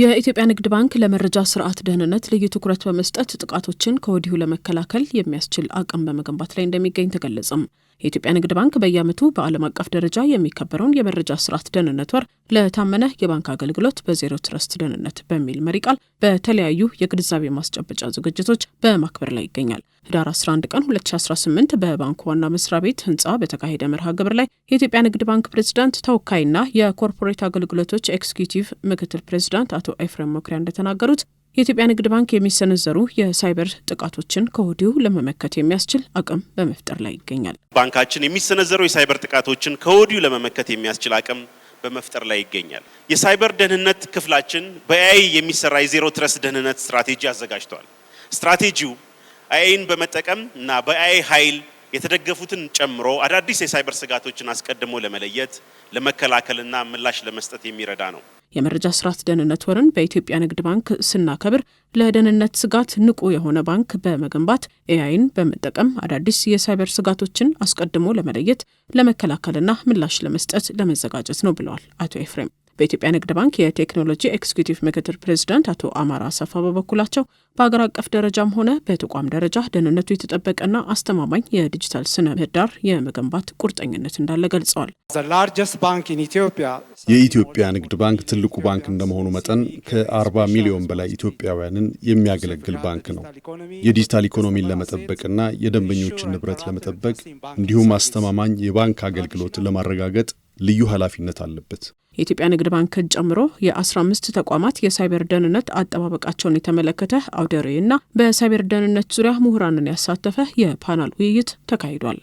የኢትዮጵያ ንግድ ባንክ ለመረጃ ስርዓት ደህንነት ልዩ ትኩረት በመስጠት ጥቃቶችን ከወዲሁ ለመከላከል የሚያስችል አቅም በመገንባት ላይ እንደሚገኝ ተገለጸም። የኢትዮጵያ ንግድ ባንክ በየዓመቱ በዓለም አቀፍ ደረጃ የሚከበረውን የመረጃ ስርዓት ደህንነት ወር ለታመነ የባንክ አገልግሎት በዜሮ ትረስት ደህንነት በሚል መሪ ቃል በተለያዩ የግንዛቤ ማስጨበጫ ዝግጅቶች በማክበር ላይ ይገኛል። ህዳር 11 ቀን 2018 በባንኩ ዋና መስሪያ ቤት ህንፃ በተካሄደ መርሃ ግብር ላይ የኢትዮጵያ ንግድ ባንክ ፕሬዚዳንት ተወካይና የኮርፖሬት አገልግሎቶች ኤክስኪዩቲቭ ምክትል ፕሬዚዳንት አቶ ኤፍሬም መኩሪያ እንደተናገሩት የኢትዮጵያ ንግድ ባንክ የሚሰነዘሩ የሳይበር ጥቃቶችን ከወዲሁ ለመመከት የሚያስችል አቅም በመፍጠር ላይ ይገኛል። ባንካችን የሚሰነዘሩ የሳይበር ጥቃቶችን ከወዲሁ ለመመከት የሚያስችል አቅም በመፍጠር ላይ ይገኛል። የሳይበር ደህንነት ክፍላችን በኤአይ የሚሰራ የዜሮ ትረስ ደህንነት ስትራቴጂ አዘጋጅቷል። ስትራቴጂው ኤአይን በመጠቀም እና በኤአይ ኃይል የተደገፉትን ጨምሮ አዳዲስ የሳይበር ስጋቶችን አስቀድሞ ለመለየት ለመከላከልና ምላሽ ለመስጠት የሚረዳ ነው። የመረጃ ስርዓት ደህንነት ወርን በኢትዮጵያ ንግድ ባንክ ስናከብር ለደህንነት ስጋት ንቁ የሆነ ባንክ በመገንባት ኤአይን በመጠቀም አዳዲስ የሳይበር ስጋቶችን አስቀድሞ ለመለየት ለመከላከልና ምላሽ ለመስጠት ለመዘጋጀት ነው ብለዋል አቶ ኤፍሬም። በኢትዮጵያ ንግድ ባንክ የቴክኖሎጂ ኤክስኪዩቲቭ ምክትል ፕሬዚዳንት አቶ አማራ አሰፋ በበኩላቸው በሀገር አቀፍ ደረጃም ሆነ በተቋም ደረጃ ደህንነቱ የተጠበቀና አስተማማኝ የዲጂታል ስነ ምህዳር የመገንባት ቁርጠኝነት እንዳለ ገልጸዋል። የኢትዮጵያ ንግድ ባንክ ትልቁ ባንክ እንደመሆኑ መጠን ከ40 ሚሊዮን በላይ ኢትዮጵያውያንን የሚያገለግል ባንክ ነው። የዲጂታል ኢኮኖሚን ለመጠበቅና የደንበኞችን ንብረት ለመጠበቅ እንዲሁም አስተማማኝ የባንክ አገልግሎት ለማረጋገጥ ልዩ ኃላፊነት አለበት። የኢትዮጵያ ንግድ ባንክን ጨምሮ የ15 ተቋማት የሳይበር ደህንነት አጠባበቃቸውን የተመለከተ አውደ ርዕይና በሳይበር ደህንነት ዙሪያ ምሁራንን ያሳተፈ የፓናል ውይይት ተካሂዷል።